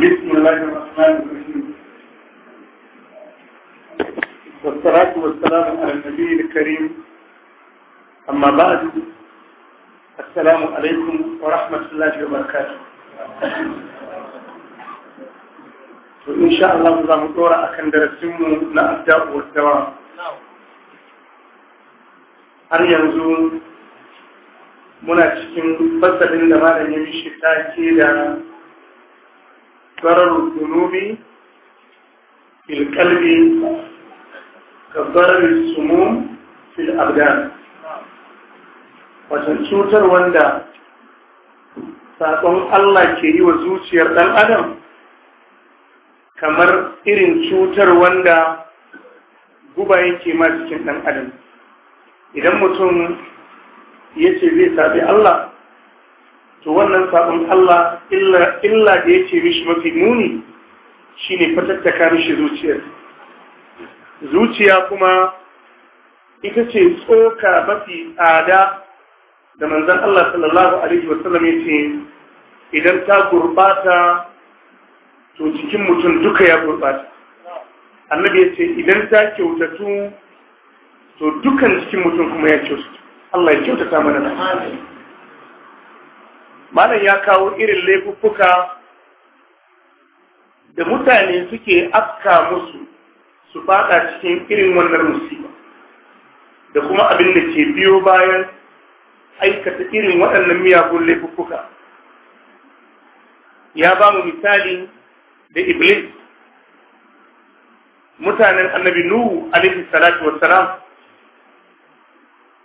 بسم الله الرحمن الرحيم والصلاة والسلام على النبي الكريم أما بعد السلام عليكم ورحمة الله وبركاته وإن شاء الله نظام الدورة أكن درسمه نأبداء والدوام har yanzu muna cikin fasalin da malamin shi ta ke da ضرر الذنوب في القلب كضرر السموم في الأبدان wajen cutar wanda sakon Allah ke yi wa zuciyar ɗan adam kamar irin cutar wanda guba yake ma cikin ɗan adam idan mutum ya ce zai sabi Allah to wannan sabon Allah illa illa da yake mishi mafi muni ne fatattaka mishi zuciya zuciya kuma ita ce tsoka mafi tsada da manzan Allah sallallahu alaihi wasallam ce, idan ta gurbata to cikin mutum duka ya gurbata annabi ce idan ta kyautatu to dukan cikin mutum kuma ya kyautatu Allah ya kyautata mana da malam ya kawo irin laifuffuka da mutane suke afka musu su fada cikin irin wannan musiba da kuma abin da ke biyo bayan aikata irin waɗannan miyagun laifuffuka ya ba mu misali da iblis mutanen annabi nuhu alaihi salatu wassalam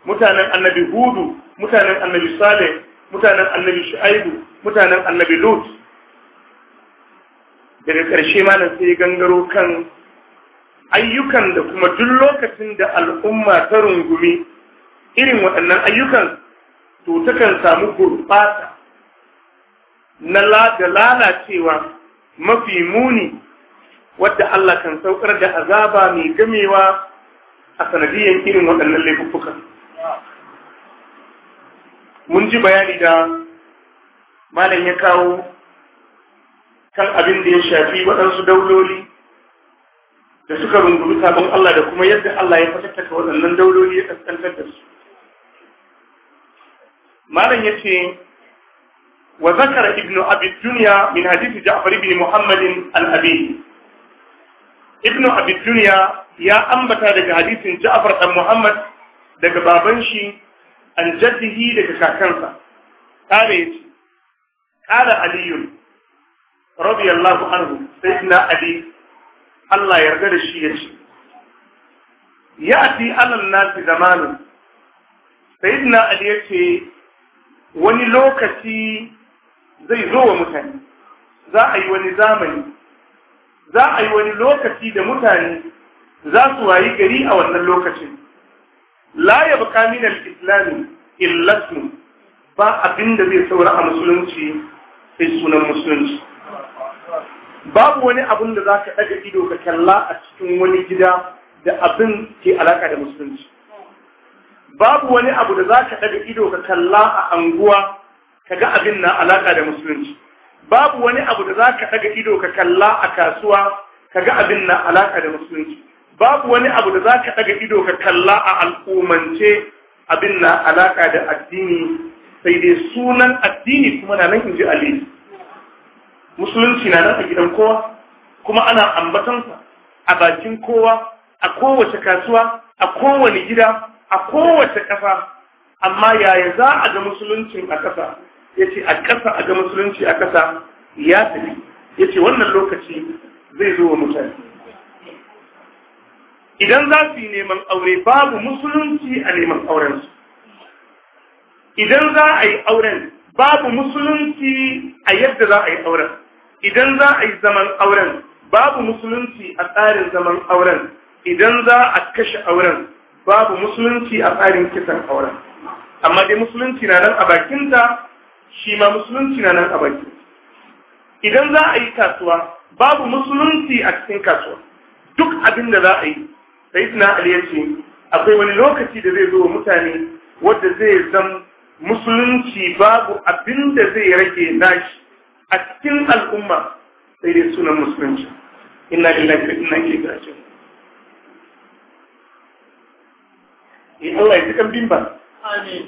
mutanen annabi hudu mutanen annabi saleh mutanen annabi shu'aibu mutanen annabi lut daga ƙarshe malam sai gangaro kan ayyukan da kuma duk lokacin da al'umma ta rungumi irin waɗannan ayyukan to takan samu gurɓata na da lalacewa mafi muni wadda Allah kan saukar da azaba mai gamewa a sanadiyyar irin waɗannan laifukan. mun ji bayani da malam ya kawo kan abin da ya shafi waɗansu dauloli da suka rungumi sabon Allah da kuma yadda Allah ya fatattaka waɗannan dauloli ya kaskantar da su. Malam ya ce, wa zakara ibnu abi duniya min hadisi ja'far ibn muhammadin al-abi ibnu abi duniya ya ambata daga hadisin ja'far ɗan muhammad daga baban shi an jaddihi daga kakansa kala yace kala aliyu radiyallahu anhu sayyidina ali Allah yarda da shi yace ya'ti alal nasi zamanu. sayyidina ali yace wani lokaci zai zo wa mutane za a yi wani zamani za a yi wani lokaci da mutane za su wayi gari a wannan lokacin la ya baka min al-islam illatun ba abin da zai saura a musulunci sai sunan musulunci babu wani abin da zaka daga ido ka kalla a cikin wani gida da abin ke alaka da musulunci babu wani abu da zaka daga ido ka kalla a anguwa kaga abin na alaka da musulunci babu wani abu da zaka daga ido ka kalla a kasuwa kaga abin na alaka da musulunci babu wani abu da za ka daga ido ka kalla a al'umance abin na alaka da addini sai dai sunan addini kuma na nan inji ali musulunci na nan a gidan kowa kuma ana ambatansa a bakin kowa a kowace kasuwa a kowane gida a kowace ƙasa amma yaya za a ga musuluncin a ƙasa ya ce a ƙasa a ga musulunci a ƙasa ya tafi ya ce wannan lokaci zai zo wa mutane idan za su yi neman aure babu musulunci a neman aurensu idan za a yi auren babu musulunci a yadda za a yi auren idan za a yi zaman auren babu musulunci a tsarin zaman auren idan za a kashe auren babu musulunci a tsarin kisan auren amma dai musulunci na nan a bakinta shi ma musulunci na nan a bakin idan za a yi kasuwa babu musulunci a cikin kasuwa duk abin da za a yi sayyidina ali ya ce akwai wani lokaci da zai zo wa mutane wanda zai zan musulunci babu abin da zai rage nashi a cikin al'umma sai dai sunan musulunci inna lillahi wa inna ilaihi raji'un in eh, Allah ya ji kan bimba amin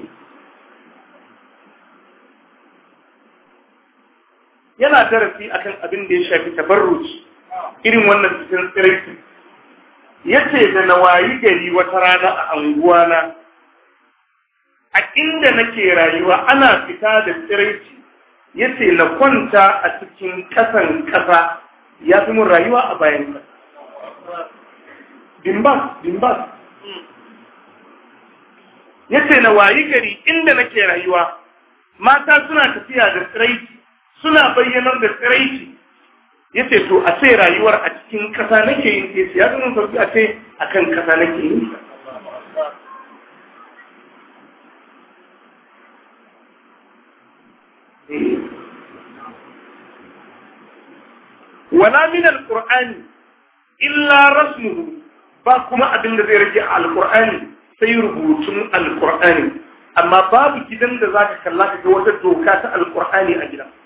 yana darasi akan abin da ya shafi tabarruci irin wannan cikin tsiraiti yace da na wayi gari wata rana a anguwana a inda nake rayuwa ana fita da tsiraici yace na kwanta a cikin kasan kasa ya fi mun rayuwa a bayan kasa dimbas dimbas yace na wayi gari inda nake rayuwa mata suna tafiya da tsiraici suna bayyanar da tsiraici ya ce to a ce rayuwar a cikin ƙasa nake yin sai ya zama sauki a ce a kan ƙasa nake yin eh. wala min alqur'ani illa rasmuhu ba kuma abin da zai rage alqur'ani sai rubutun alqur'ani amma babu gidan da zaka kalla ka ga wata doka ta alqur'ani a gidan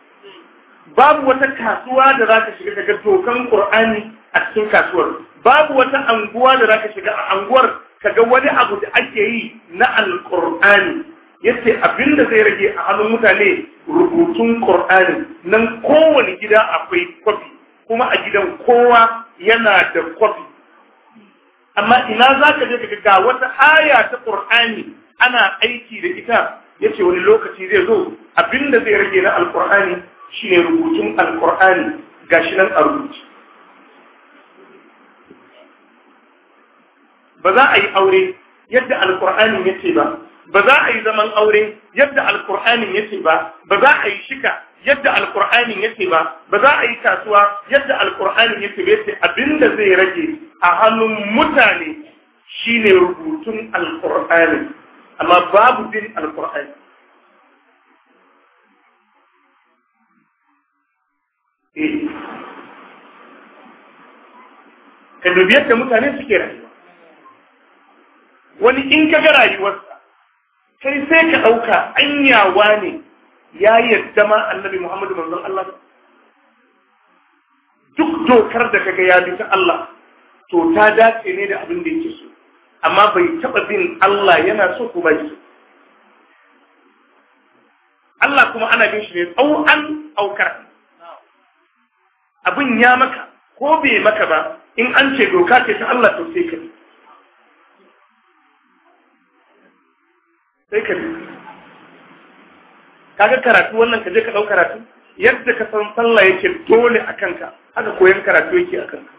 babu wata kasuwa da za ka shiga daga tokan ƙur'ani a cikin kasuwar babu wata anguwa da za ka shiga a anguwar ka ga wani abu da ake yi na alƙur'ani yace abin da zai rage a hannun mutane rubutun ƙur'ani nan kowane gida akwai kwafi kuma a gidan kowa yana da kwafi amma ina za ka je ka ga wata aya ta ƙur'ani ana aiki da ita yace wani lokaci zai zo abinda zai rage na alƙur'ani shine rubutun ga shi nan a rubuce ba za a yi aure yadda alkur'ani yake ba ba za a yi zaman aure yadda alkur'ani yake ba ba za a yi shika yadda alkur'ani yake ba ba za a yi kasuwa yadda alkur'ani yake ba abin abinda zai rage a hannun mutane shine rubutun alkur'ani amma babu bin alkur'ani Eh. ka dubi yadda mutane suke rayuwa wani in ka ga rayuwarsa kai sai ka ɗauka anyawa ne ya yarda ma annabi Muhammadu manzon Allah duk dokar da kaga ya bi ta Allah to ta dace ne da abin da yake so amma bai taɓa bin Allah yana so ko ba so Allah kuma ana bin shi ne tsawon aukar abin ya maka ko bai maka ba in an ce doka ce ta Allah to sai ka bi sai ka bi kaga karatu wannan ka je ka dau karatu yadda ka san sallah yake dole a kanka haka koyan karatu yake a kanka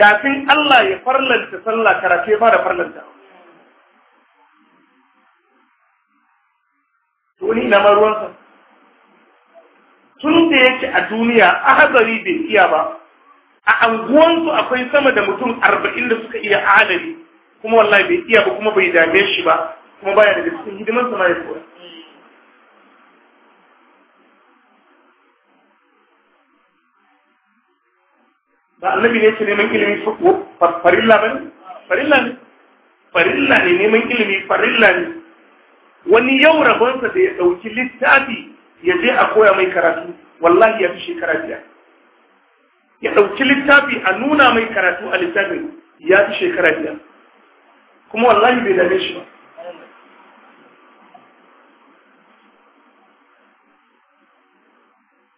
kafin Allah ya farlanta sallah karatu ya fara farlanta wani ina ma ruwansa tun da yake a duniya a hadari bai iya ba a anguwansu akwai sama da mutum arba'in da suka iya ahadari kuma wallahi bai iya ba kuma bai dame shi ba kuma baya daga cikin hidiman sama ya koya ba annabi ne ce neman ilimi farilla ba ne farilla ne farilla ne neman ilimi farilla ne wani yau rabonsa da ya ɗauki littafi ya je a koya mai karatu wallahi ya fi shekara biyar ya ɗauki littafi a nuna mai karatu a littafin ya fi shekara biyar kuma wallahi bai dame shi ba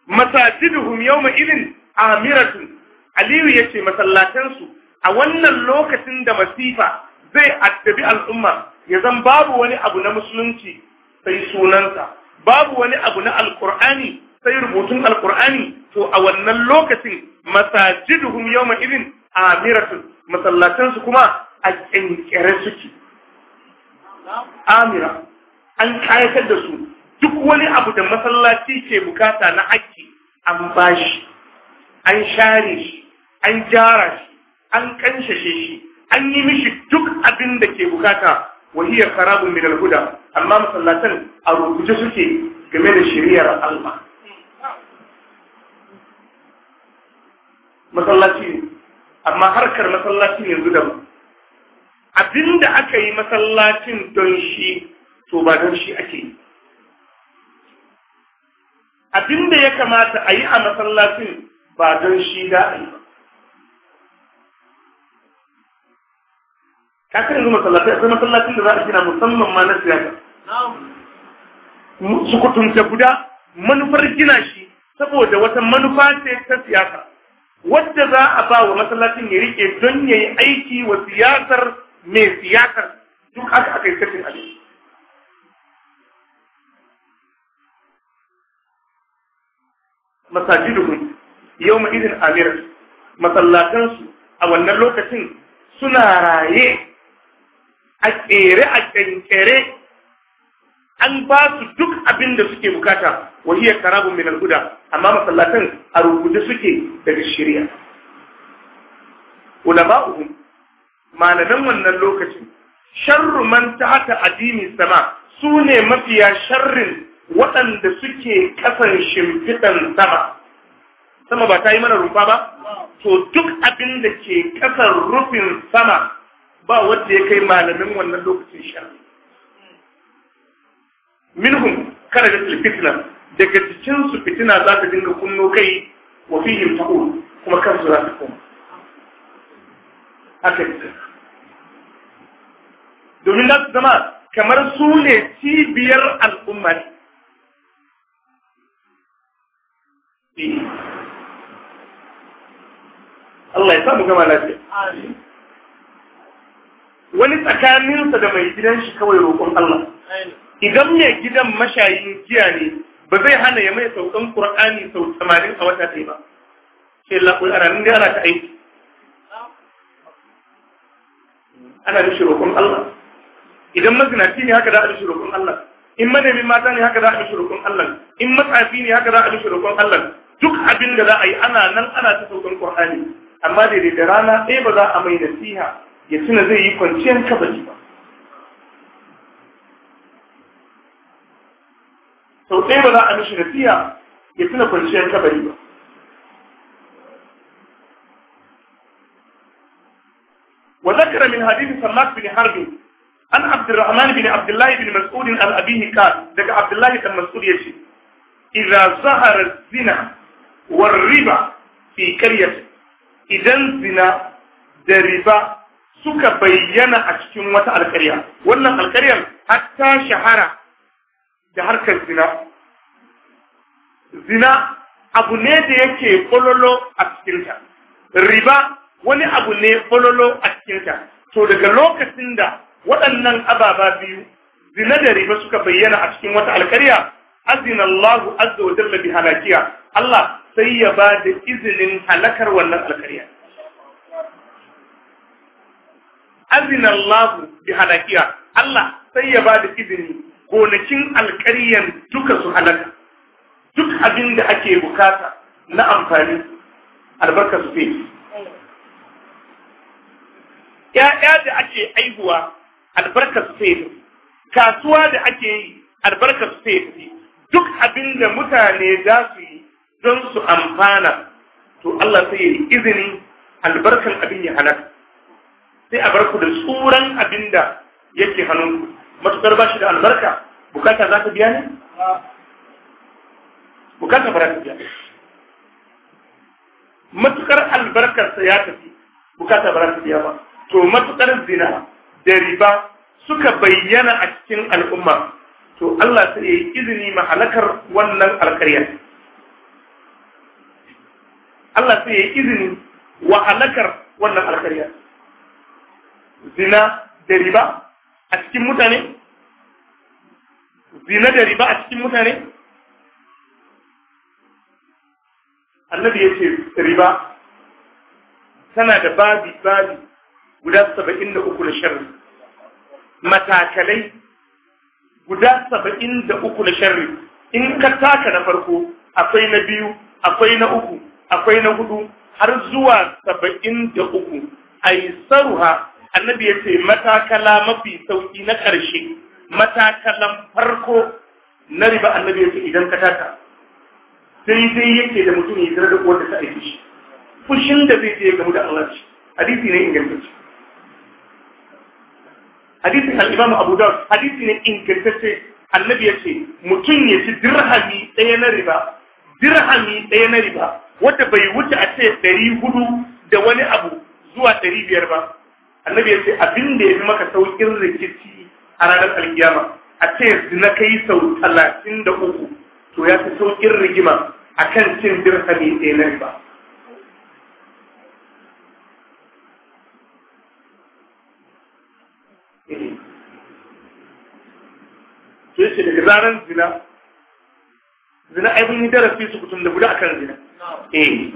masajiduhum yawma idin amiratun aliyu yace masallatansu a wannan lokacin da masifa zai addabi al'umma ya zan babu wani abu na musulunci sai sunansa babu wani abu na Alƙur'ani sai rubutun alkur'ani to a wannan lokacin masajiduhum yawma idin amiratun masallatan su kuma a kinkire suke amira an kayatar da su duk wani abu da masallaci ke bukata na aiki an bashi an share shi an gyara shi an kanshashe shi an yi mishi duk abin da ke bukata wahiyar karabun min alhuda amma masallatan a rubuce suke game da shiriyar Allah masallaci ne amma harkar masallacin yanzu da abinda aka yi masallacin don shi to ba don shi ake yi abinda ya kamata a yi a masallacin ba don shi da a yi ba kasar yanzu akwai masallacin da za a gina musamman ma na siyasa su kutunta guda manufar gina shi saboda wata manufa ce ta siyasa wadda za a ba wa masallacin ya rike don ya yi aiki wa siyasar mai siyasar duk haka aka yi sirrin abin yau mai izin amir masallatansu a wannan lokacin suna raye a tsere a kyankyare an ba su duk abin da suke bukata wa hiya karabun min al amma masallatan a rubuce suke daga shari'a ulama'uhum malaman wannan lokacin sharru man tahta adini sama su ne mafiya sharrin waɗanda suke kasan shimfiɗan sama sama ba ta yi mana rumfa ba to duk abin da ke kasan rufin sama ba wanda ya kai malamin wannan lokacin sharri minhum kharajat fitna daga cikin su fitina za ta dinga kunno kai wa fihim taqul kuma kansu za su koma haka domin da su zama kamar su ne cibiyar al'umma Allah ya samu gama lafiya. Wani tsakaninsa da mai gidan shi kawai roƙon Allah. idan mai gidan mashayin jiya ne ba zai hana ya mai saukan ƙur'ani sau 80 a wata ɗaya ba sai Allah ko ana nan ana ta aiki ana mishi roƙon Allah idan mazinaci ne haka za a mishi roƙon Allah in manemin mata ne haka za a mishi roƙon Allah in matsafi ne haka za a mishi roƙon Allah duk abin da za a yi ana nan ana ta saukan ƙur'ani. amma daidai da rana ɗaya ba za a mai nasiha ya tuna zai yi kwanciyar kabaji ba sau ɗaya ba za a mishi nasiha ya tuna kwanciyar kabari ba وذكر من حديث سماك بن حرب عن عبد الرحمن بن عبد الله بن مسعود عن أبيه قال ذكر عبد الله بن مسعود يشي إذا ظهر الزنا والربا في قرية إذا الزنا دربا suka bayyana a cikin wata alƙarya wannan alƙaryar hatta shahara da harkar zina zina abu ne da yake bololo a cikinta riba wani abu ne bololo a cikinta to daga lokacin da waɗannan ababa biyu zina da riba suka bayyana a cikin wata alkarya azina Allahu azza wa jalla bi halakiya Allah sai ya ba da izinin halakar wannan alkariya. azina bi halakiya Allah sai ya ba da izini gonakin alƙaryan duka su halaka duk abin da ake bukata na amfani albarka su fi ya da ake aihuwa albarka su fi kasuwa da ake yi albarka su fi duk abin da mutane za su yi don su amfana to Allah sai ya yi izini albarkan abin ya halaka sai a barku da tsoron abin da yake hannunku matuƙar ba shi da albarka bukata za ta biya ne bukata ba za ta biya matukar albarkarsa ya tafi bukata ba za ta biya ba to matukar zina da riba suka bayyana a cikin al'umma to Allah sai ya yi izini mahalakar wannan alkarya Allah sai ya yi izini wa halakar wannan alkarya zina da riba a cikin mutane zina da riba a cikin mutane annabi ya ce riba tana da babi babi guda saba'in da uku na sharri matakalai guda saba'in da uku na sharri in ka taka na farko akwai na biyu akwai na uku akwai na hudu har zuwa saba'in da uku a yi saruha annabi ya ce matakala mafi sauki na ƙarshe matakalan farko na riba annabi yake idan ka taka sai dai yake da mutum ya zira da uwar da ta aiki shi fushin da zai je gamu da Allah shi hadisi ne ingantacce hadisi al-Imam Abu Dawud hadisi ne ingantacce annabi yake mutum ya ci dirhami ɗaya na riba dirhami ɗaya na riba wanda bai wuce a ce ɗari hudu da wani abu zuwa ɗari biyar ba annabi ya ce abin da ya fi maka saukin rikici a ranar alkiyama a ce zina kai sau talatin da uku to ya fi sauƙin rigima a kan cin dirhami ɗaya na riba Ke ce daga zaren zina zina ai mun yi darasi su kutum da guda akan zina eh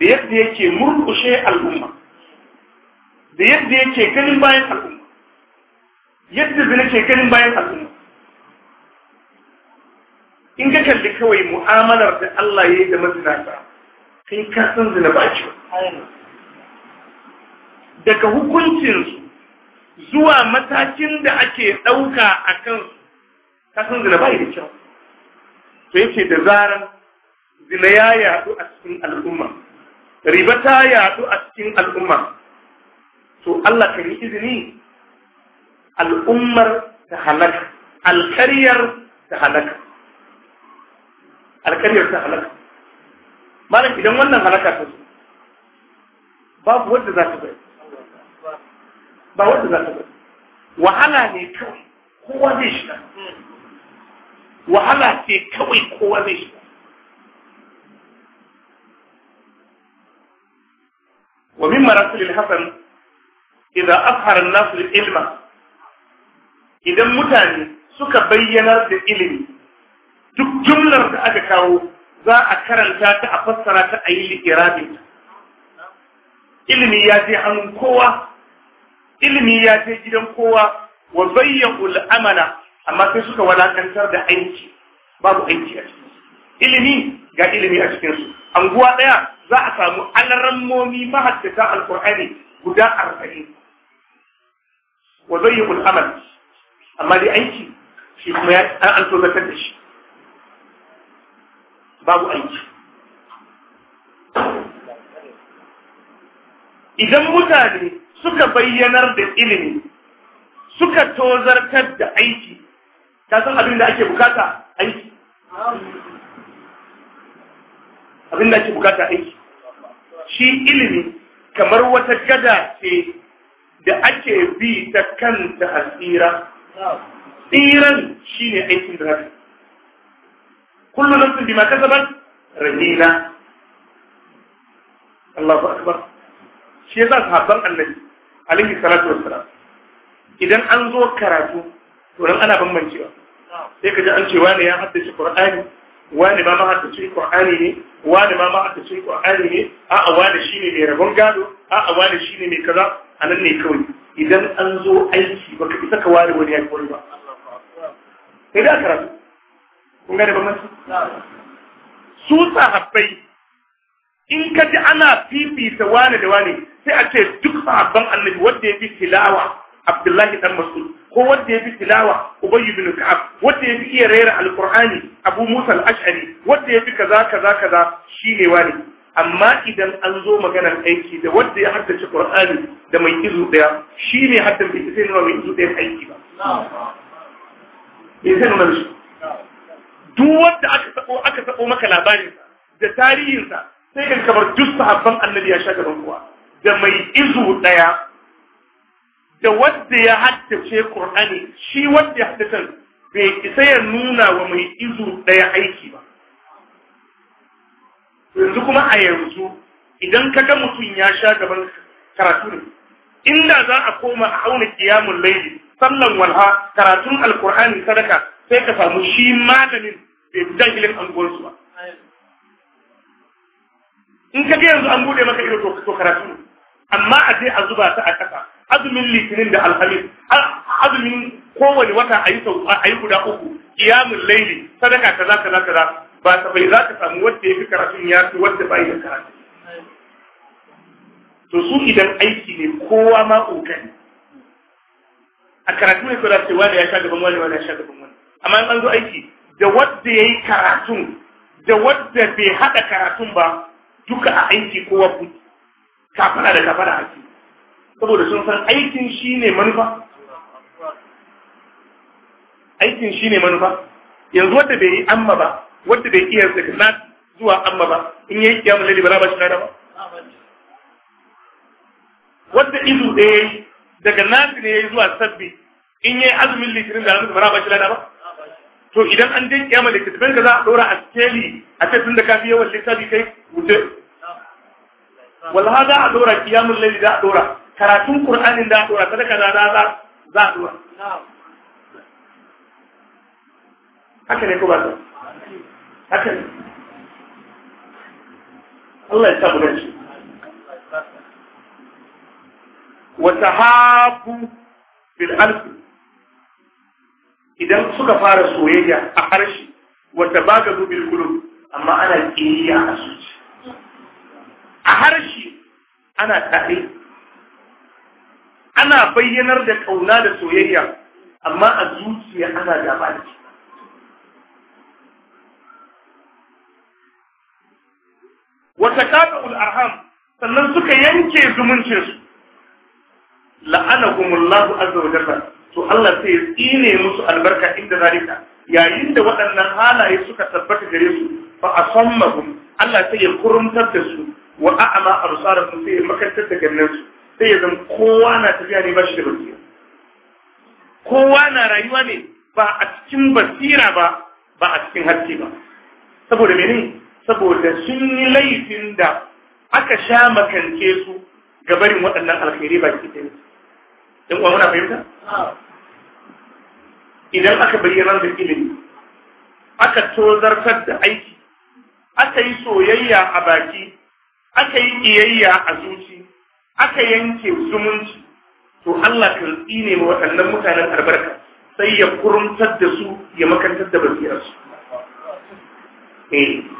da yadda yake murkushe al'umma da yadda yake ganin bayan al'umma yadda zina ke ganin bayan al'umma. in ka kalli kawai mu'amalar da Allah ya yi da mazinata kai ka san zina ba ce daga hukuncinsu zuwa matakin da ake ɗauka a kan ka san zina ba da kyau to yake da zaran zina ya yaɗu a cikin al'umma riba ta yaɗu a cikin al'umma to Allah ka yi izini al'ummar ta halaka alkaryar ta halaka alkaryar ta halaka malam idan wannan halaka ta zo babu wadda za ta bai ba wadda za ta bai wahala ne kawai kowa zai shiga wahala ce kawai kowa zai shiga ومن مراسل الحسن إذا أظهر الناس العلم idan mutane suka bayyanar da ilimi duk jumlar da aka kawo za a karanta ta a fassara ta a yi irabin ilimi ya je hannun kowa ilimi ya je gidan kowa wa bayyana amala amma sai suka wadatantar da aiki babu aiki a cikin ilimi ga ilimi a cikin su anguwa daya za a samu alarammomi mahaddata alqur'ani guda arba'in, wa bayyahu amal amma dai aiki shi kuma ya an tozartar da shi babu aiki idan mutane suka bayyanar da ilimi suka tozartar da aiki ta san abin da ake bukata aiki abin da ake bukata aiki shi ilimi kamar wata gada ce da ake bi ta kanta hasira. tsiran shi ne aikin da haka kullu sun bima kasabat rahina Allahu akbar shi yasa sahabban annabi alaihi salatu wassalam idan an zo karatu to nan ana bambancewa sai ka ji an ce wani ya haddace qur'ani wani ma haddace qur'ani ne wani ma haddace qur'ani ne a'a wani shine mai rabon gado a'a wani shine mai kaza anan ne kawai idan an zo aiki baka isa ka ware wani ya wani ba sai kun gane ba masu su sahabbai in ka ji ana fifita wane da wane sai a ce duk sahabban annabi wanda ya fi tilawa abdullahi dan mas'ud ko wanda ya fi tilawa ubayy bin ka'ab wanda ya fi iya rera qurani abu musa al-ash'ari wanda ya fi kaza kaza kaza shine wani amma idan an zo maganar aiki da wanda ya haddace Qur'ani da mai izu daya shi ne haddace bai sai nuna mai izu daya aiki ba me sai nuna shi duk wanda aka sako aka sako maka labarin da tarihin sa sai kan kamar duk sahabban annabi ya sha gaban kuwa da mai izu daya da wanda ya haddace Qur'ani shi wanda ya haddace bai isa ya nuna wa mai izu daya aiki ba yanzu kuma a yanzu idan ka ga mutum ya sha gaban karatu ne inda za a koma a auna kiyamun laili sallan walha karatun alkur'ani sadaka sai ka samu shi maganin bai fi jahilin anguwarsu ba in ka ga yanzu an bude maka ido to karatu ne amma a je a zuba ta a kasa azumin litinin da alhamis azumin kowane wata a yi guda uku kiyamun laili sadaka kaza kaza kaza ba ta bai za ka samu wanda ya fi karatun ya fi wanda bai da karatun. to su idan aiki ne kowa ma ƙoƙari a karatu ne kawai ce wani ya sha gaban wani wani ya sha gaban wani amma an zo aiki da wanda ya yi karatun da wanda bai haɗa karatun ba duka a aiki kowa kuɗi. Kafara da kafana aiki saboda sun san aikin shi ne manufa aikin shi ne manufa yanzu wanda bai yi amma ba wanda bai iya daga na zuwa amma ba in yayi kiyamul laili ba ba shi lada ba wanda izu ɗaya daga nasi ne yayi zuwa sabbi in yayi azumin litinin da ba ba shi lada ba to idan an je kiyamul litinin ka za a dora a skeli a ce tun da kafi yawan littafi kai wuce wallaha za a dora kiyamun laili za a dora karatun qur'anin da a dora sadaka da za za a dora haka ne ko ba haka ne Allah ya tabbata shi wa tahabu fil alfi idan suka fara soyayya a harshe wata baga bil qulub amma ana kiyaya a zuci a harshe ana tare ana bayyanar da kauna da soyayya amma a zuciya ana gaba da shi wata taqul arham sannan suka yanke zumuncin su la'anahumullahu azza wa jalla to Allah sai ya tsine musu albarka inda zalika yayin da waɗannan halaye suka tabbata gare su fa asammahum Allah sai ya kuruntar da su wa a'ma absarahum sai ya makantar da gannansu, su sai ya zama kowa na tafiya ne ba shi da basira kowa na rayuwa ne ba a cikin basira ba ba a cikin haske ba saboda menene saboda sun yi laifin da aka sha makance su ga barin waɗannan alkhairi ba ki ɗaya don kuma muna fahimta idan aka bayyana da ilimi aka tozartar da aiki aka yi soyayya a baki aka yi ƙiyayya a zuci aka yanke zumunci to Allah kan tsine ma waɗannan mutanen albarka sai ya kurumtar da su ya makantar da basirarsu. Eh.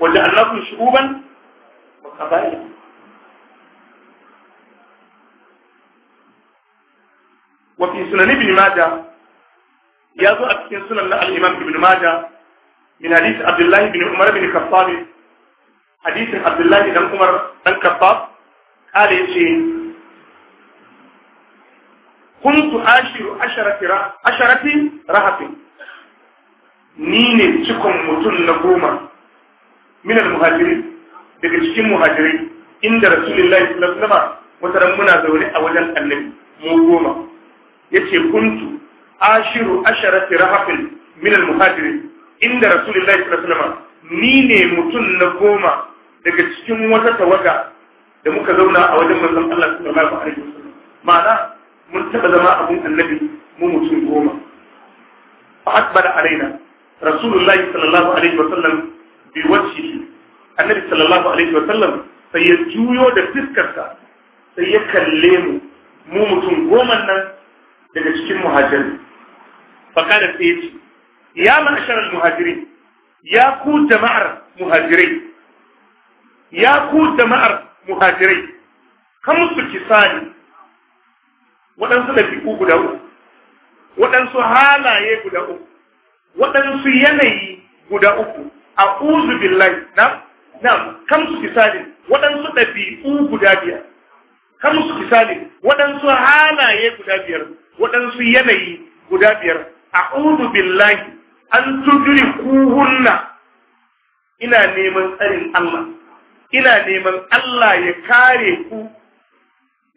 وجعلناكم شعوبا وقبائل وفي سنن ابن ماجه يظهر في سنن الإمام ابن ماجه من حديث عبد الله بن عمر بن الخطاب حديث عبد الله بن عمر بن الخطاب قال يشي كنت عاشر عشرة عشرة رهط نيني تكون متن نقومه min al daga cikin muhajirai inda rasulullahi sallallahu alaihi wasallam wata muna zaune a wajen annabi mu goma yace kuntu ashiru asharati rahafin min al-muhajirin inda rasulullahi sallallahu alaihi wasallam ni ne mutum na goma daga cikin wata tawaga da muka zauna a wajen manzon Allah sallallahu alaihi wasallam ma'ana mun taba zama abun annabi mu mutum goma fa akbara alaina rasulullahi sallallahu alaihi wasallam bi wacce annabi sallallahu alaihi wa sallam sai ya juyo da fiskarsa sai ya kalle mu mu mutum goma nan daga cikin muhajirin faka da sai ya ce ya ma'asharar muhajirin ya ku jama'ar muhajirai ya ku jama'ar muhajirai kamsu kisani waɗansu ɗabi'u guda uku waɗansu halaye guda uku waɗansu yanayi guda uku uzu billahi na na su misalin waɗansu ɗabi'u guda biyar su misalin waɗansu halaye guda biyar waɗansu yanayi guda biyar uzu billahi an tujuri kuhunna ina neman tsarin Allah ina neman Allah ya kare ku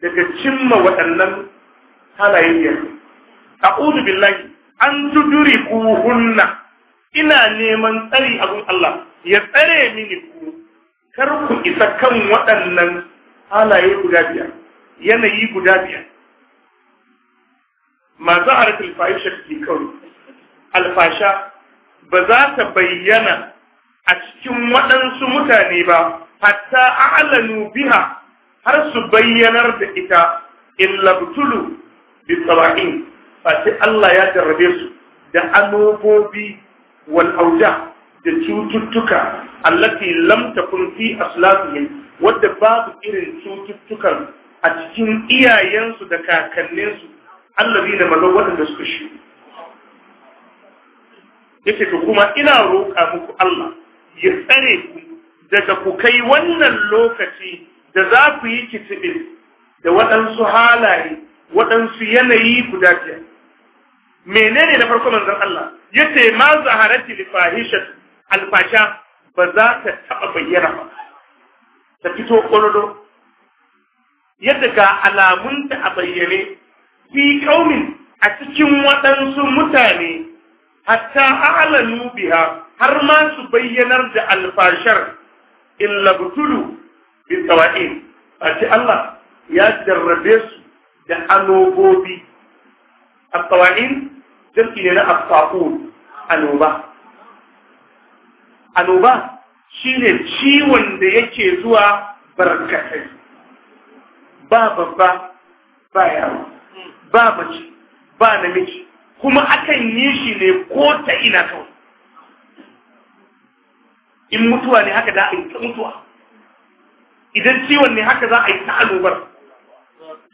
daga cimma waɗannan halaye biyar uzu billahi an tujuri kuhunna ina neman tsari abin Allah ya tsare mini ku kar ku isa kan waɗannan halaye guda biyar yanayi guda biyar ma a ke kawai alfasha ba za ta bayyana a cikin waɗansu mutane ba hatta a'alanu biha har su bayyanar da ita in labtulu bi saba'in fati Allah ya jarrabe su da anobobi wal da cututtuka allati lam takun fi aslafihim wadda babu irin cututtukan a cikin iyayensu da kakanninsu allazi da mazan waɗanda suka shi yake ku kuma ina roƙa muku Allah ya tsare ku daga ku kai wannan lokaci da za ku yi kitibe da waɗansu halaye waɗansu yanayi guda biyar menene na farko manzon Allah yace ma zaharati li fahishat alfasha ba za ta taba bayyana ba ta fito kololo yadda ga alamun ta a bayyane fi kaumin a cikin waɗansu mutane hatta a'lanu biha har ma su bayyanar da alfashar illa butulu bi tawa'in a ce Allah ya jarrabe su da anobobi a tawa'in jirki ne na asfa'un annoba annoba shine ciwon da yake zuwa barkatai ba babba ba yaro ba mace ba namiji kuma akan yi shi ne ko ta ina kawai in mutuwa ne haka da a yi mutuwa idan ciwon ne haka za a yi ta annobar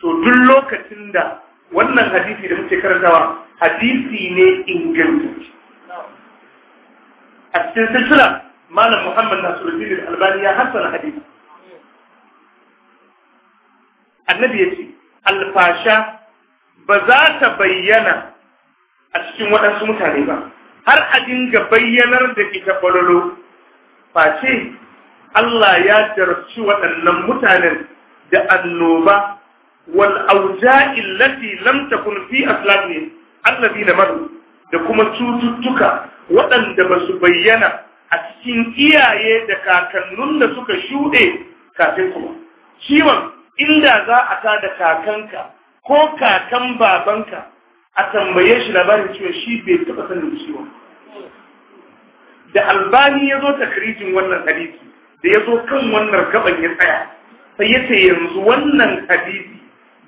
to duk lokacin da wannan hadisi da muke karantawa hadisi ne ingantacce a cikin silsila malam muhammad nasiruddin albani ya hassana hadisi annabi ya ce alfasha ba za ta bayyana a cikin waɗansu mutane ba har a dinga bayyanar da ita ƙwalolo face Allah ya jarci waɗannan mutanen da annoba wal auja'il lati lam takun fi aslabihim allazi da maru da kuma cututtuka waɗanda ba su bayyana a cikin iyaye da kakannin da suka shuɗe kafin kuma ciwon inda za a ta da kakanka ko kakan babanka a tambaye shi labarin ciwon shi bai taɓa sanin ciwon da albani ya zo takrijin wannan hadisi da ya zo kan wannan gaban ya tsaya sai ya yanzu wannan hadisi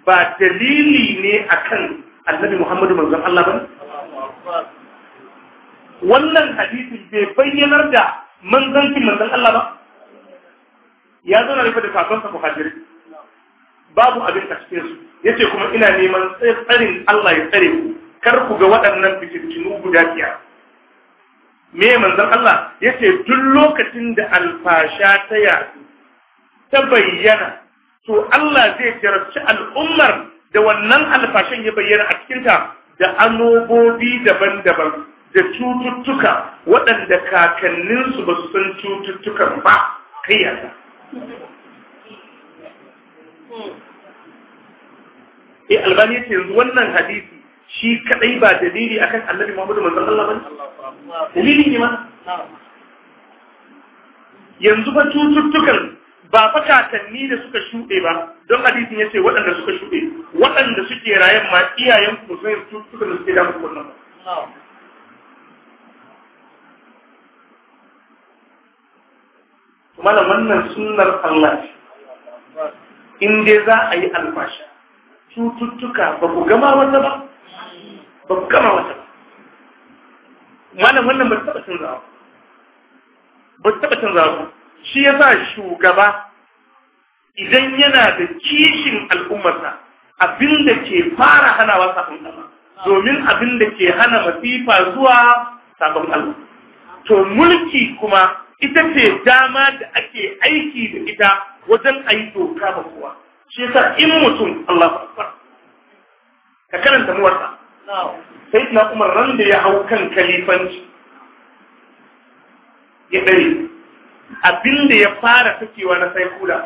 ba dalili ne akan annabi Muhammadu manzon Allah ba wannan hadisin bai bayyanar da manzancin manzon Allah ba ya zauna rufe da sabon sa muhajiri babu abin a cikin su yace kuma ina neman tsarin Allah ya tsare ku kar ku ga waɗannan fitintinu guda biyar me manzon Allah yace duk lokacin da alfasha ta yaɗu ta bayyana to Allah zai jarabci al'ummar da wannan alfashin ya bayyana a cikinta da anobobi daban-daban da cututtuka waɗanda kakanninsu ba su san cututtukan ba kai yasa eh albani ce yanzu wannan hadisi shi kadai ba dalili akan annabi Muhammadu manzon Allah bane dalili ne ma yanzu ba cututtukan ba fakatanni da suka shuɗe ba don hadisin ya ce waɗanda suka shuɗe waɗanda suke rayan ma iyayen ku sun suka da suke damu wannan ba. Kuma da wannan sunnar Allah in dai za a yi alfasha cututtuka ba ku gama wata ba ba ku gama wata ba. Malam wannan ba ta taɓa canzawa ba su taɓa canzawa ba. shi ya sa shugaba idan yana da kishin al'ummarsa abin da ke fara hanawa sabon Allah domin abin da ke hana masifa zuwa sabon Allah to mulki kuma ita ce dama da ake aiki da ita wajen a yi doka ba kowa shi yasa in mutum Allah akbar ka karanta muwarsa sai na umar ran da ya hau kan kalifanci ya ɗari. abin da ya fara sakewa na sai kula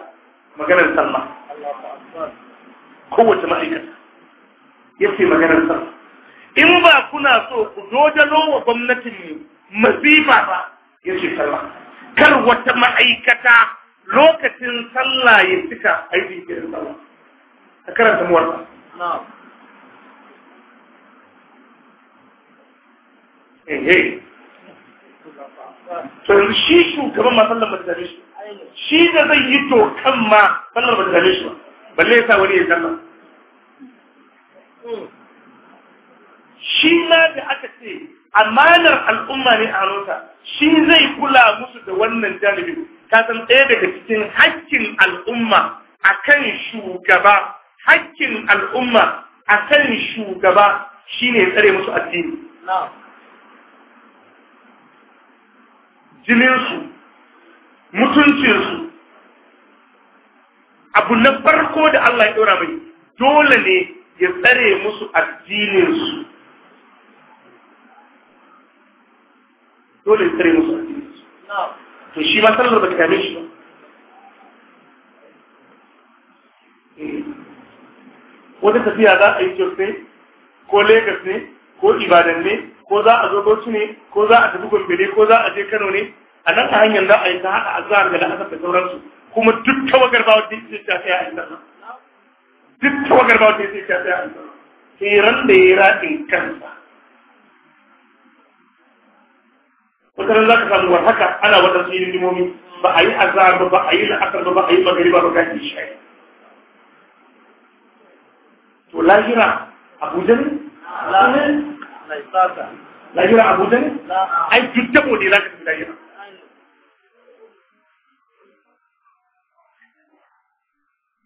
maganar salma kowace ma'aikata ya ce maganar Salma. in ba kuna so ku dojalo wa gwamnatin masifa ba ya ce Salma. kar wata ma'aikata lokacin sallah ya cika aiki irin salma a karanta muwarsa Hey, eh, eh. hey. to shi shugaban ma sallar ba ta dame shi shi da zai yi to kan ma sallar ba ta dame shi ba balle ya sa wani ya sallar shi ma da aka ce amanar al'umma ne a hannunsa shi zai kula musu da wannan dalibin? ka san ɗaya daga cikin hakkin al'umma akan shugaba hakkin al'umma akan shugaba shine tsare musu addini jininsu mutuncinsu abu na farko da Allah ya ɗora mai dole ne ya tsare musu addininsu dole ya tsare musu addininsu to shi ma sallar ba ta kame shi ba eh. wata tafiya za a yi kyautai ko Legas ne ko ibadan ne ko za a zo bauchi ne ko za a tafi gombele ko za a je kano ne a nan a hanyar za a yi ta haɗa azhar da la'asar da sauransu kuma duk tawagar ba wata yake ta tsaya a nan duk tawagar ba wata yake ta tsaya a yi sai ran da ya raɗin kansa wataran za ka samu war haka ana su yi limomi ba a yi azhar ba ba a yi la'asar ba ba a yi magari ba ga shayi to lahira abu ne lahira abuja ne ai duk dabo ne za ka tafi lahira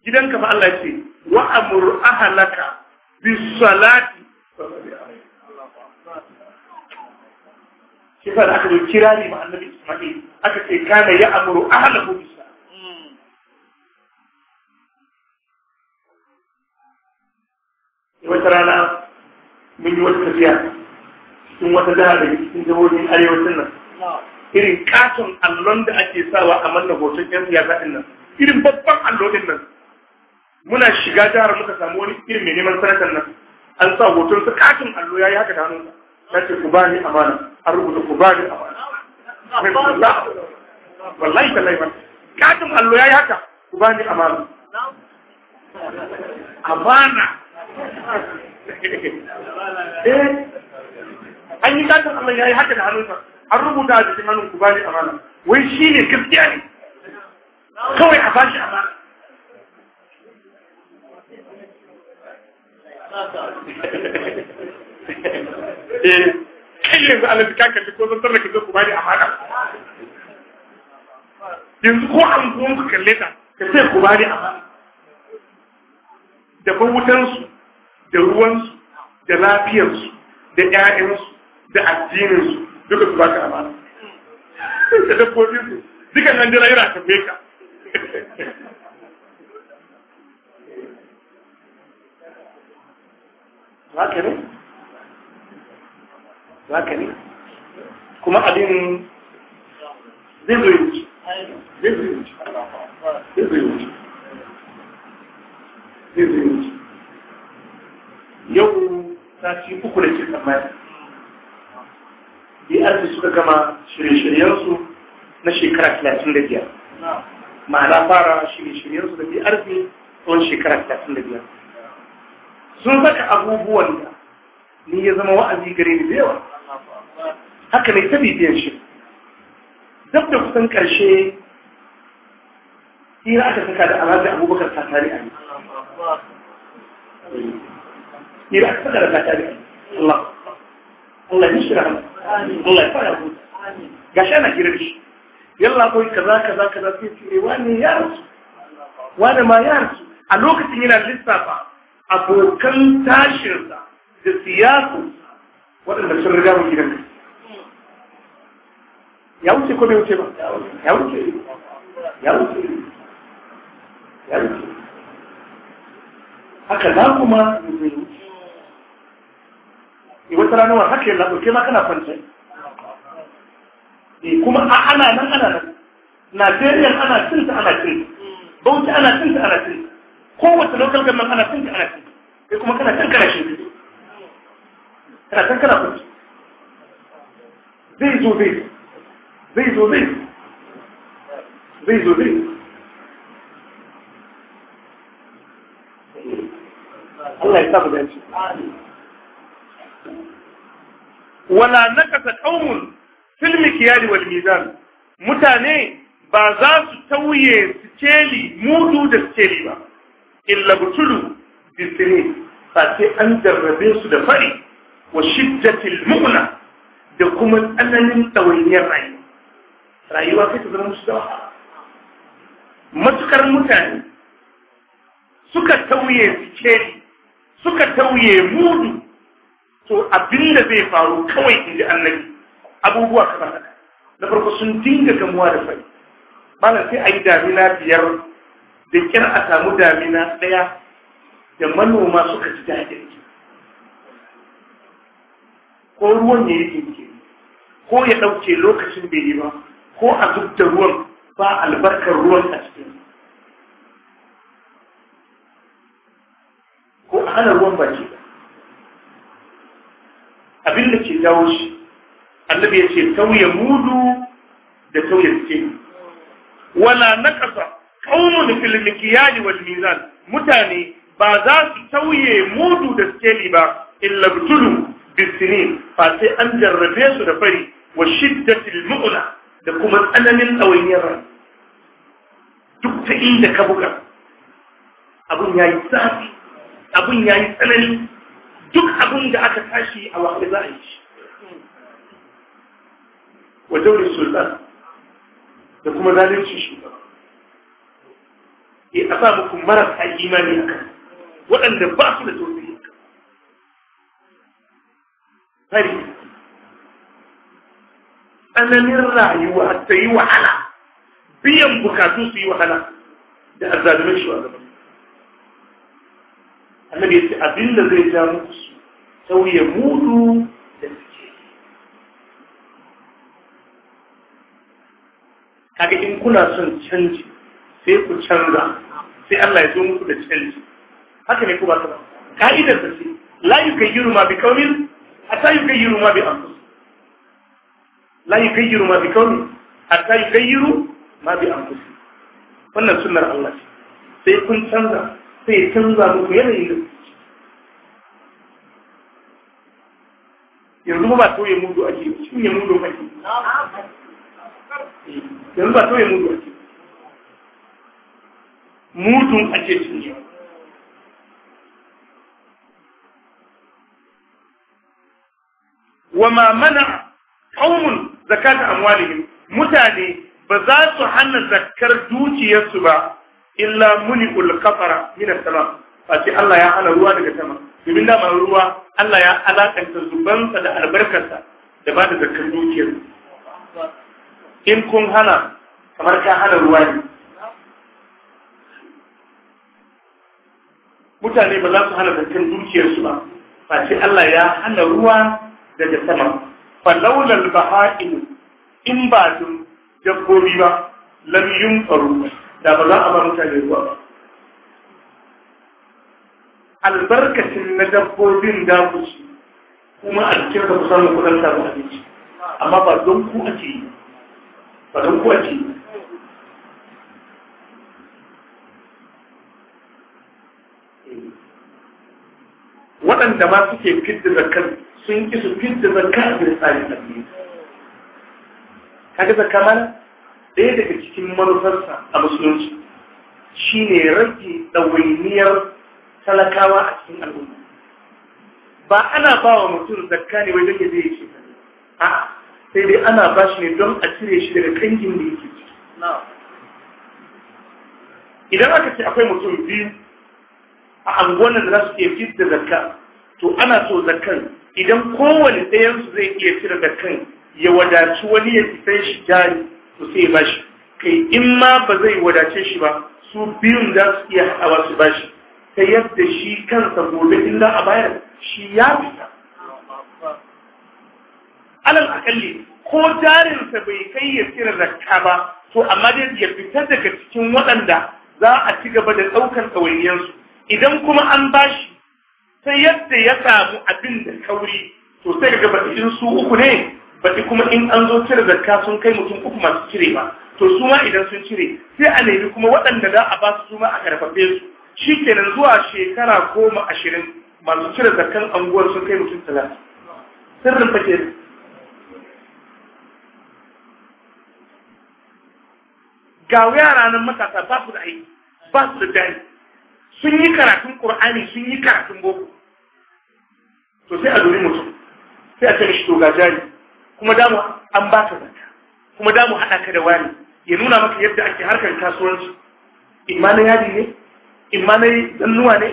gidanka ba Allah ce wa amur ahlaka bis salati shi fa da aka ma annabi Isma'il aka ce kana ya amuru ahlahu bis hmm. wata rana mun yi wata tafiya cikin wata jihar da cikin jihohin arewacin nan irin katon allon da ake sawa a manna hoton yan siyasa din nan irin babban allo nan muna shiga jihar muka samu wani irin mai neman sanatar nan an sa hoton su katon allo ya yi haka da hannun ta ce ku bani amana an rubuta ku bani amana wallahi tallahi ba katon allo ya yi haka ku bani amana amana eh an yi katon Allah ya yi haka da hannunsa an rubuta a cikin hannun ku ba ni amana wai shi ne gaskiya ne kawai a bashi amana eh kai yanzu Allah ka kace ko zan tarraka zan ku ba ni amana yanzu ko an kuma ku kalle ta ka sai ku ba ni amana da bautansu da ruwansu da lafiyarsu da ƴaƴansu da addininsu duka su baka amana da dabbobinsu duka nan jira yana tafe ka haka ne haka ne kuma abin zai zai wuce. zai zai wuce. zai zai wuce. zai zai wuce. sati uku da ke tsammani DRC suka gama shirye-shiryensu na shekara 35 ma'ana fara shirye-shiryensu da DRC tsawon shekara 35 sun saka abubuwan da ni ya zama wa'azi gare ni da yawa haka ne ta bibiyan shi duk da kusan ƙarshe hira aka saka da alhaji abubakar ta tare a yi يبقى تفضل المثالك الله الله يشرح الله يفعله قاش انا كذا كذا كذا في ريواني وانا ما يارس الوقت هنا لسه ابو كم تاشر ده سياسه waɗanda sun riga mu gidan ya wuce ko bai wuce ba ya wuce ya wata rana haka yin ɗauke ma kana kwance eh, kuma a ana nan ana nan Najeriya ana cinta ana cinta Bauchi ana cinta ana cinta kowace local government ana cinta ana cinta kai kuma kana kan kana shi kana kan kana kwance zai zo zai zai zo zai zai zo zai Allah ya sabu da yanci. wala nakasa qaumun fil mikyali wal mizan mutane ba za su tauye sikeli mudu da sikeli ba illa butulu bisire ba sai an jarrabe su da fari wa shiddatil mu'na da kuma tsananin ɗawainiyar rayuwa rayuwa kai ta zama musu da matukar mutane suka tauye sikeli suka tauye mudu to abin da zai faru kawai in ji annabi abubuwa kamar haka na farko sun dinga gamuwa da fari malam sai a yi damina biyar da kyar a samu damina ɗaya da manoma suka ci daɗin ko ruwan ya yi dinke ko ya ɗauke lokacin bai yi ba ko a zub da ruwan ba albarkar ruwan a cikin ko a hana ruwan baki ba abin da ke jawo shi annabi ya ce tauye mudu da tauye suke wala naqasa qaumun fil mikyal wal mizan mutane ba za su tauye mudu da suke ba illa btulu bisinin fa sai an jarrabe su da fari wa shiddatil mu'na da kuma tsananin ɗawainiyar duk ta inda ka buga abun yi zafi abun yayi tsanani duk abin da aka tashi a wakai za a yi shi wa daurin sultan da kuma zalunci shugaba ya eh, asa muku marasa imani a kan waɗanda ba su da tausayi fari tsananin rayuwa ta yi wahala biyan bukatu su yi wahala da azzalumin shugaban annabi ya ce abinda zai ja muku sauya mudu da suke kaga in kuna son canji sai ku canza sai Allah ya zo muku da canji haka ne ku ba ta ba. ka'idar ta ce la yukayyiru ma bi qaumin hatta yukayyiru ma bi anfusihim la yukayyiru ma bi qaumin hatta yukayyiru ma bi anfusihim wannan sunnar Allah ce sai kun canza sai canza muku yanayin kuma ba tauye mudu ake cinye mudu ake yanzu ba tauye mudu ake mudun ake cinye wa ma mana qaumun zakata amwalihim mutane ba za su hana zakar dukiyarsu ba illa muni ulkafara minar sama Ba face Allah ya hana ruwa daga sama domin dama ruwa Allah ya alakanta zubansa da albarkarsa da ba da zakar dukiyar in kun hana kamar ka hana ruwa ne mutane ba za su hana zakar dukiyarsu ba face Allah ya hana ruwa daga sama falaulal baha'in in ba dun dabbobi ba lam yunfaru da ba za a ba mutane ruwa ba albarkacin na dabbobin da ku ci kuma a cikin da ku samu kudin samu abinci amma ba don ku ake yi ba don ku ake yi waɗanda ma suke fidda zakar sun ki su fidda zakar a bisa tsarin abin kaga zakar mana ɗaya daga cikin manufarsa a musulunci shine rage ɗawainiyar talakawa a cikin al'umma ba ana ba wa mutum zakka ne wai ya zai ce a sai dai ana ba shi ne don a cire shi daga kangin da yake ciki idan aka ce akwai mutum biyu a anguwan da za su iya da zakka to ana so zakkan idan kowane ɗayansu zai iya cire zakkan ya wadaci wani ya fitar shi jari to sai ba shi kai in ma ba zai wadace shi ba su biyun za su iya haɗawa su ba shi ta yadda shi kansa gobe illa a bayar shi ya fita alal akalli ko jarinsa bai kai ya tsira zakka ba to amma dai ya fitar daga cikin waɗanda za a ci gaba da ɗaukar ɗawainiyarsu idan kuma an bashi ta yadda ya samu abin da kauri to sai ga baɗi su uku ne baɗi kuma in an zo cire zakka sun kai mutum uku masu cire ba to su ma idan sun cire sai a nemi kuma waɗanda za a ba su ma a karfafe su shi kenan zuwa shekara goma ashirin masu cire zakan anguwar sun kai mutum talatin sirrin fake kenan ga yara nan matasa ba su da aiki ba su da dani sun yi karatun qur'ani sun yi karatun boko to sai a dori mutum sai a ce mishi to ga jari kuma damu an ba ka zakka kuma damu haɗa ka da wani ya nuna maka yadda ake harkar kasuwanci imanin yadi ne in ma na zannuwa ne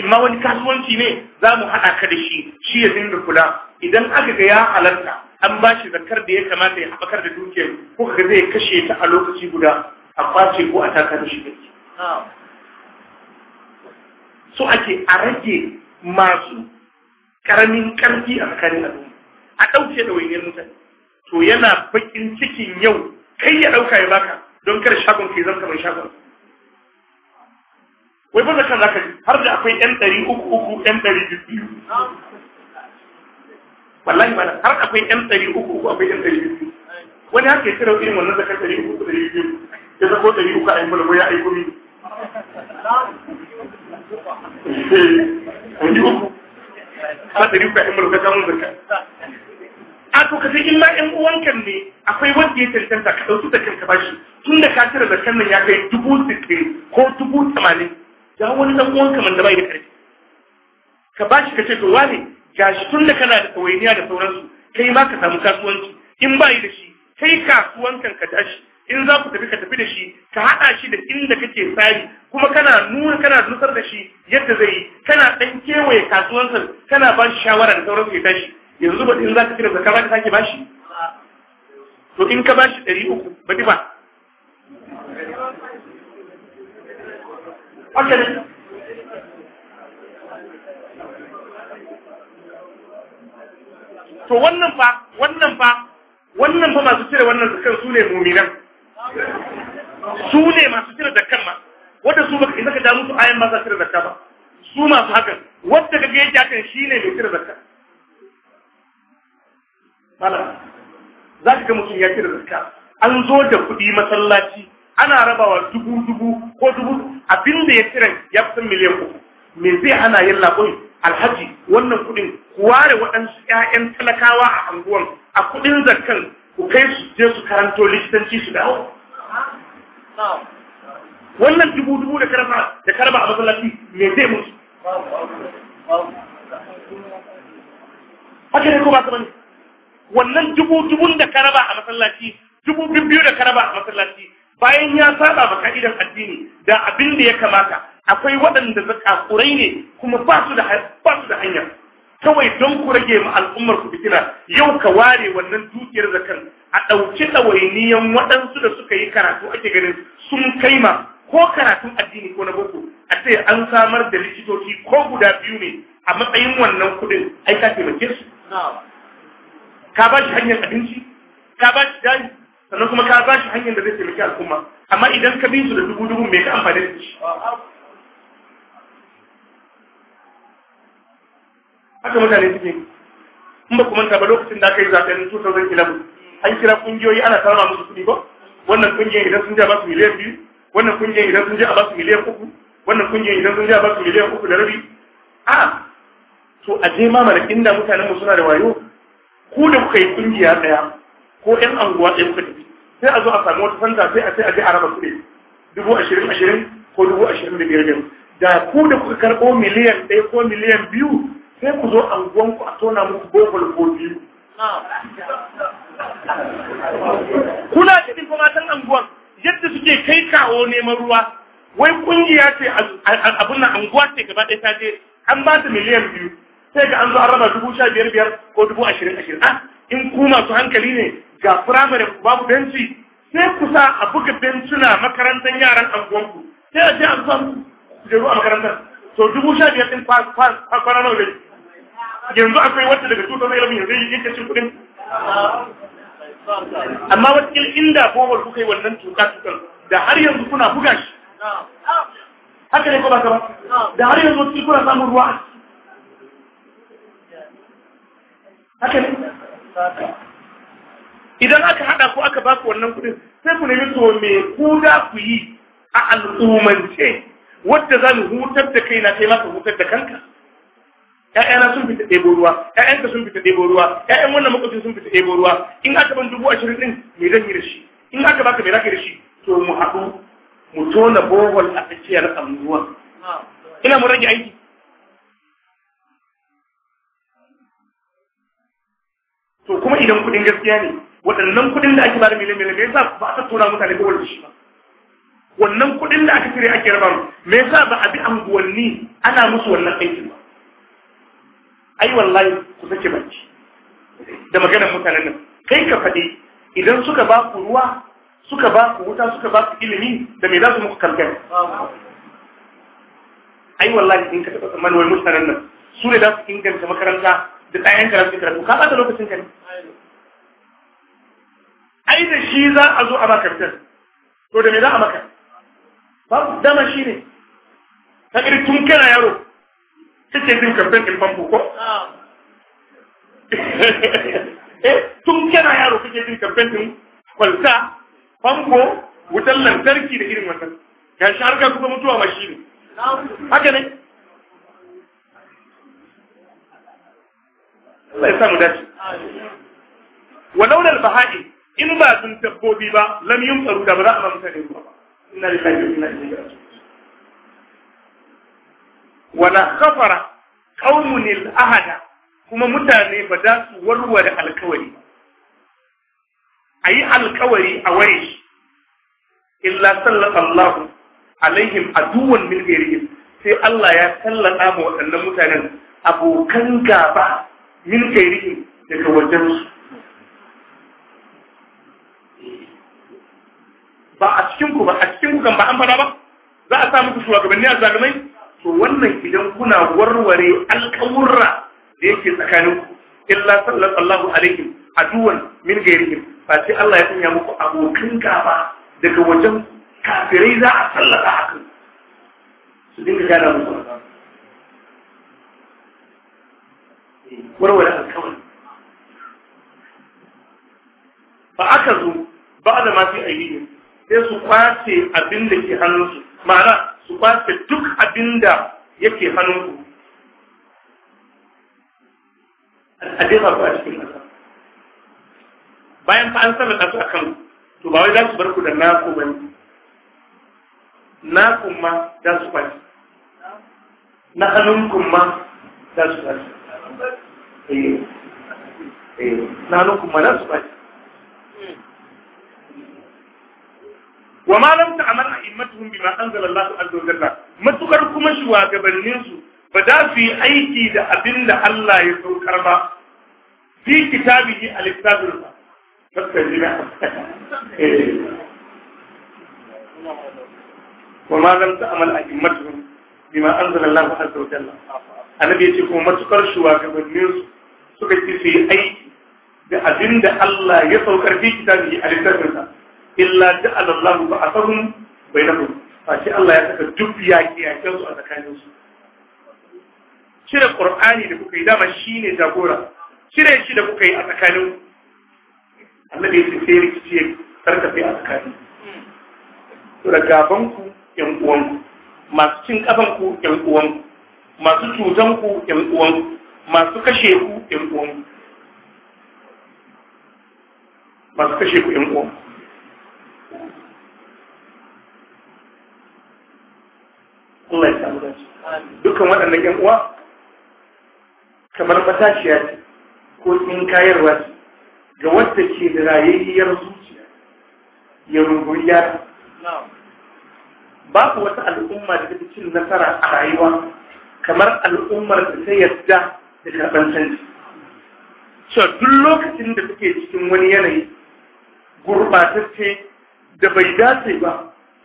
in wani kasuwanci ne za mu haɗa ka da shi shi ya dinga kula idan aka ga ya halarta an ba shi zakar da ya kamata ya haɓakar da dukiyar ko ka zai kashe ta a lokaci guda a kwace ko a taka da shi gaske so ake a rage masu karamin karfi a tsakanin al'umma a ɗauke da wainiyar mutane to yana bakin cikin yau kai ya ɗauka ya baka don kar shagon ke zan kamar shagon wai ba zakan zaka ji har da akwai yan ɗari uku uku yan ɗari biyu wallahi mana har akwai yan ɗari uku uku akwai yan ɗari biyu wani haka ya cire irin wannan zakan ɗari uku ɗari biyu ya zako ɗari uku a yi mulku ya aiko eh, ɗari uku har ɗari uku a yi mulku ka mun zakan a to ka sai in ma ƴan uwankan ne akwai wanda ya tantanta ka ɗauki da ka bashi tun da ka cire zakan nan ya kai dubu sittin ko dubu tamanin ga wani na uwanka man da bai da karfi ka ba shi ka ce to wane ga shi tun da kana da tsawainiya da sauransu kai ma ka samu kasuwanci in ba da shi kai kasuwankan ka tashi in za ku tafi ka tafi da shi ka haɗa shi da inda kake tsari kuma kana nuna kana nusar da shi yadda zai yi kana ɗan kewaye kasuwansa kana ba shi shawara da sauransu ya tashi yanzu ba in za ka cire zakka ba ka sake ba shi to in ka ba shi ɗari uku ba ba to wannan fa wannan fa wannan fa masu cire wannan zakan su ne muminan su ne masu cire zakan ma wanda su baka idan ka da musu ayan masu cire zakka ba su masu hakan wanda gaya yake shi ne mai cire zakka malam za ka ga mutum ya cire zakka an zo da kuɗi masallaci ana rabawa dubu dubu ko dubu abin da ya tsira ya fi miliyan uku me zai hana yin laboi alhaji wannan kuɗin ku ware waɗansu ƴaƴan talakawa a anguwan a kuɗin zakkan ku kai su je su karanto likitanci su dawo wannan dubu dubu da karba da karba a masallaci me zai musu haka ne ko ba wannan dubu dubun da karaba a masallaci dubu biyu da karaba a masallaci bayan ya saba ba ka'idar addini da abin da ya kamata akwai waɗanda zakakurai ne kuma ba su da ba hanya kawai don ku rage ma al'ummar ku fitina yau ka ware wannan dukiyar zakan a ɗauki ɗawainiyan waɗansu da suka yi karatu ake ganin sun kai ma ko karatun addini ko na boko a ce an samar da likitoci ko guda biyu ne a matsayin wannan kuɗin ai ka taimake su ka ba shi hanyar abinci ka ba shi jari sannan kuma ka ba shi hanyar da zai taimaki al'umma amma idan ka bi su da dubu dubu mai ka amfani da shi haka mutane suke in ba kuma ta ba lokacin da aka yi zaɓen 2011 an kira kungiyoyi ana tara musu kuɗi ba wannan kungiyar idan sun ja ba su miliyan biyu wannan kungiyar idan sun ja ba su miliyan uku wannan kungiyar idan sun ja ba su miliyan uku da rabi a to a je ma mana inda mutanenmu suna da wayo ku da kuka yi kungiya ɗaya ko yan anguwa ɗaya kuka tafi sai a zo a samu wata sanda sai a sai a je a raba kuɗi dubu ashirin ashirin ko dubu ashirin da biyar biyar da ku da kuka karɓo miliyan ɗaya ko miliyan biyu sai ku zo anguwanku a tona muku bokol ko biyu kuna cikin kuma matan anguwan yadda suke kai kawo neman ruwa wai kungiya ce abin nan anguwa ce gaba ɗaya ta je an ba ta miliyan biyu sai ga an zo an raba dubu sha biyar biyar ko dubu ashirin ashirin ah, in ku masu hankali ne ga firamare ku babu benci sai ku sa a buga bencina makarantar yaran anguwanku sai a je a jeru a makarantar to dubu sha biyar ɗin kwana nawa ne yanzu akwai wata daga tutar na ilimin yanzu yake cin kuɗin amma wataƙil inda bobar kuka yi wannan tuka-tukan da har yanzu kuna buga shi haka ne ko ba ba da har yanzu kuna samun ruwa haka ne idan aka haɗa ko aka baku wannan kuɗin sai ku nemi to me ku da ku yi a al'umance wadda za mu hutar da kaina kai ma hutar da kanka Ya'yana sun fita ɗebo ruwa ya'yanka sun fita ɗebo ruwa ƴaƴan wannan makwabcin sun fita ɗebo ruwa in aka ban dubu ashirin ɗin me zan yi da shi in aka baka me zaka da shi to mu haɗu mu tona bohol a tsakiyar anguwa ina mu rage aiki to kuma idan kuɗin gaskiya ne waɗannan kuɗin da ake bada miliyan miliyan me yasa ba a tattauna mutane ko wani shi ba wannan kuɗin da aka cire ake raba me yasa ba a bi anguwanni ana musu wannan aikin ba ai wallahi ku sake baki da maganar mutanen nan kai ka faɗi idan suka ba ku ruwa suka ba ku wuta suka ba ku ilimi da me za su muku kalkar ai wallahi in ka taɓa tsammanin wani mutanen nan su ne za su inganta makaranta karatu ka bata lokacin ai da shi za a zo a baka fitar to da me za a maka babu dama shi ka iri tun kana yaro kake jin kamfen ɗin famfo ko eh, kwalta famfo wutar lantarki da irin wannan ga shi har ka kuma mutuwa mashi ne haka ne Allah ya dace in ba sun dabbobi ba lam yin tsaro da ba za a ba mutane ruwa ba wala kafara ahada kuma mutane ba za su warware alkawari ayi alkawari a ware shi illa sallallahu alaihim aduwan min ghairihim sai Allah ya sallaka ma waɗannan mutanen abokan gaba min gairihim daga wajensu ba a cikin ku ba a cikin kan ba an fara ba za a sa muku shugabanni a zalimai to wannan idan kuna warware alƙawurra da yake tsakanin ku illa sallallahu alaihi aduwan min gairihim ba sai Allah ya sanya muku abokan gaba daga wajen kafirai za a sallaka hakan su dinga gana muku warware alkawari fa aka zo ba da mafi fi sai su kwace abin da ke hannunsu ma'ana su kwace duk abin da yake hannunku a jefa ku a cikin ƙasa bayan fa an sallata ƙasa a kan to ba wai za su bar ku da naku ba ne naku ma za su kwace na hannunku ma za su kwace eh eh nanu kuma nan su bane wa ma lam ta'mal a'immatuhum bima anzala Allahu azza wa jalla matukar kuma shugabannin su ba za su yi aiki da abin da Allah ya saukar ba fi kitabihi al-kitabul fastajina eh wa ma lam ta'mal a'immatuhum bima anzala Allahu azza wa jalla annabi ya ce kuma matukar shugabannin su suka ci su yi aiki da abin da Allah ya saukar fi yi a alallahu ba illa sahun bai na bainahum a ce Allah ya saka duk yaƙi yakin su a tsakanin su cire ƙur'ani da kuka yi dama shine jagora cire shi da kuka yi a tsakanin annabi ya ce sai rikici ya karkafe a tsakanin to da gaban ku yan uwanku masu cin kafan ku yan uwanku masu cutan ku ƴan uwan masu kashe ku ƴan uwan masu kashe ku ƴan uwan Allah ya samu dace dukkan waɗannan ƴan uwa kamar matashiya ce ko in kayarwa ce ga wadda ke da rayayyar zuciya ya runguri yara ku wata al'umma da take cin nasara a rayuwa kamar al'ummar da ta yarda da karɓar canji cewa duk lokacin da suke cikin wani yanayi gurɓatacce da bai dace ba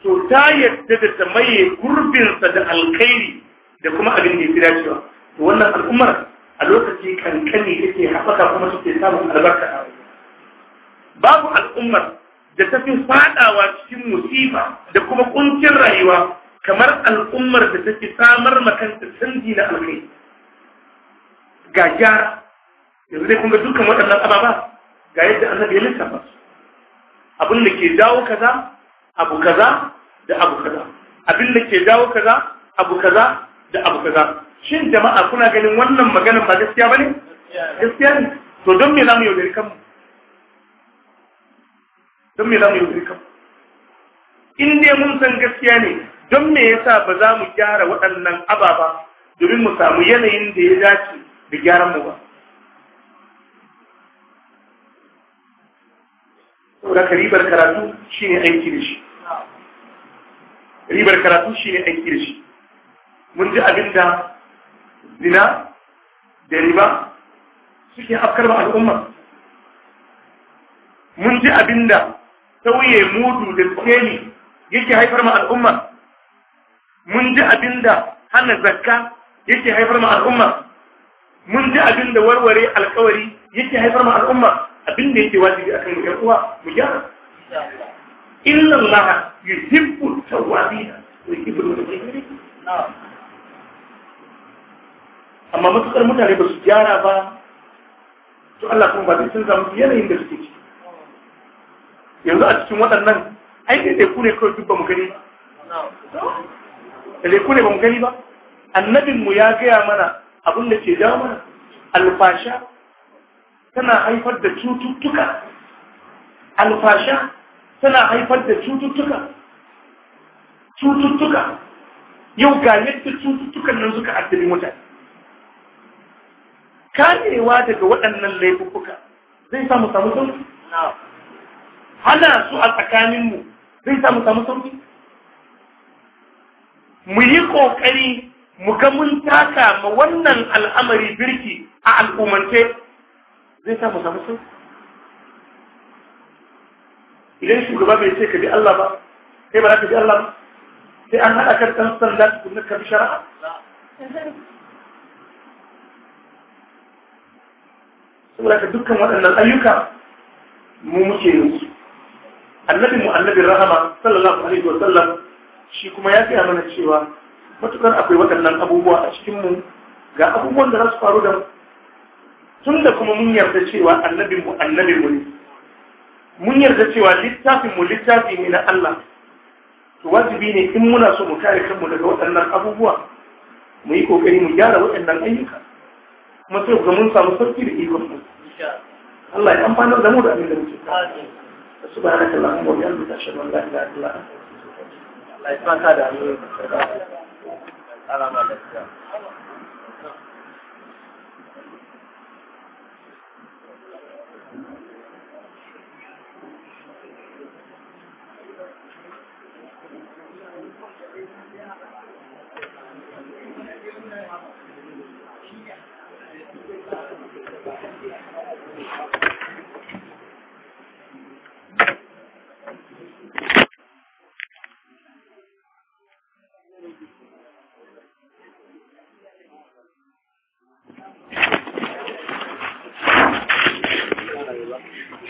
to ta yarda da ta maye gurbinsa da alkhairi da kuma abin da ya fi dacewa to wannan al'ummar a lokaci kankani yake haɓaka kuma suke samun albarka a babu al'ummar da ta fi faɗawa cikin musiba da kuma ƙuncin rayuwa kamar al'ummar da take samar makanta canji na alkai ga gyara yanzu dai kuma dukkan waɗannan ababa ga yadda annabi ya lissafa su abin da ke dawo kaza abu kaza da abu kaza abin da ke dawo kaza abu kaza da abu kaza shin jama'a kuna ganin wannan maganar ba gaskiya bane gaskiya ne to don me zamu yaudari kanmu don me zamu yaudari kanmu in dai mun san gaskiya ne don me yasa ba za mu gyara waɗannan ababa domin mu samu yanayin da ya dace da gyaran mu ba saboda ribar karatu shine aiki da shi ribar karatu shine aiki da shi mun ji abin da zina da riba suke afkar ba al'umma mun ji abin da sauye mudu da tseni yake haifar ma al'umma mun ji abin da hana zakka yake haifar ma al'umma mun ji abin da warware alkawari yake haifar ma al'umma abin da yake wajibi akan mutum uwa mu gyara inna Allah yuhibbu tawwabin wa yuhibbu al-mutatahhirin amma matukar mutane ba su gyara ba to Allah kuma ba zai canza musu yanayin da suke ciki yanzu a cikin waɗannan ai ne ku ne kawai duk ba mu gani da dai ne ban gani ba annabin mu ya gaya mana abin da ke dama alfasha tana haifar da cututtuka alfasha tana haifar da cututtuka cututtuka yau ga yadda cututtukan nan suka addabi mutane kamewa daga waɗannan laifuffuka zai samu samu sauki hana su a tsakaninmu zai samu samu sauki mu yi ƙoƙari mu ga mun taka ma wannan al'amari birki a al'umance zai samu samu sun idan shugaba bai ce ka bi Allah ba sai ba za ka bi Allah ba sai an haɗa kan ɗan sanda tukunna ka bi shari'a saboda ka dukkan waɗannan ayyuka mu muke yin su annabi mu annabin rahama sallallahu alaihi wa sallam shi kuma ya gaya mana cewa matukar akwai waɗannan abubuwa a cikinmu ga abubuwan da za su faru da tun da kuma mun yarda cewa annabinmu annabinmu ne mun yarda cewa littafinmu littafi ne na Allah to wajibi ne in muna so mu kare kanmu daga waɗannan abubuwa mu yi kokari mu gyara waɗannan ayyuka kuma sai ga mun samu sarki da ikon mu Allah ya amfanar da mu da abin da muke subhanakallahumma wa bihamdika ashhadu an la ilaha illa anta ta ya saka da alheri. Allah ya saka da very much.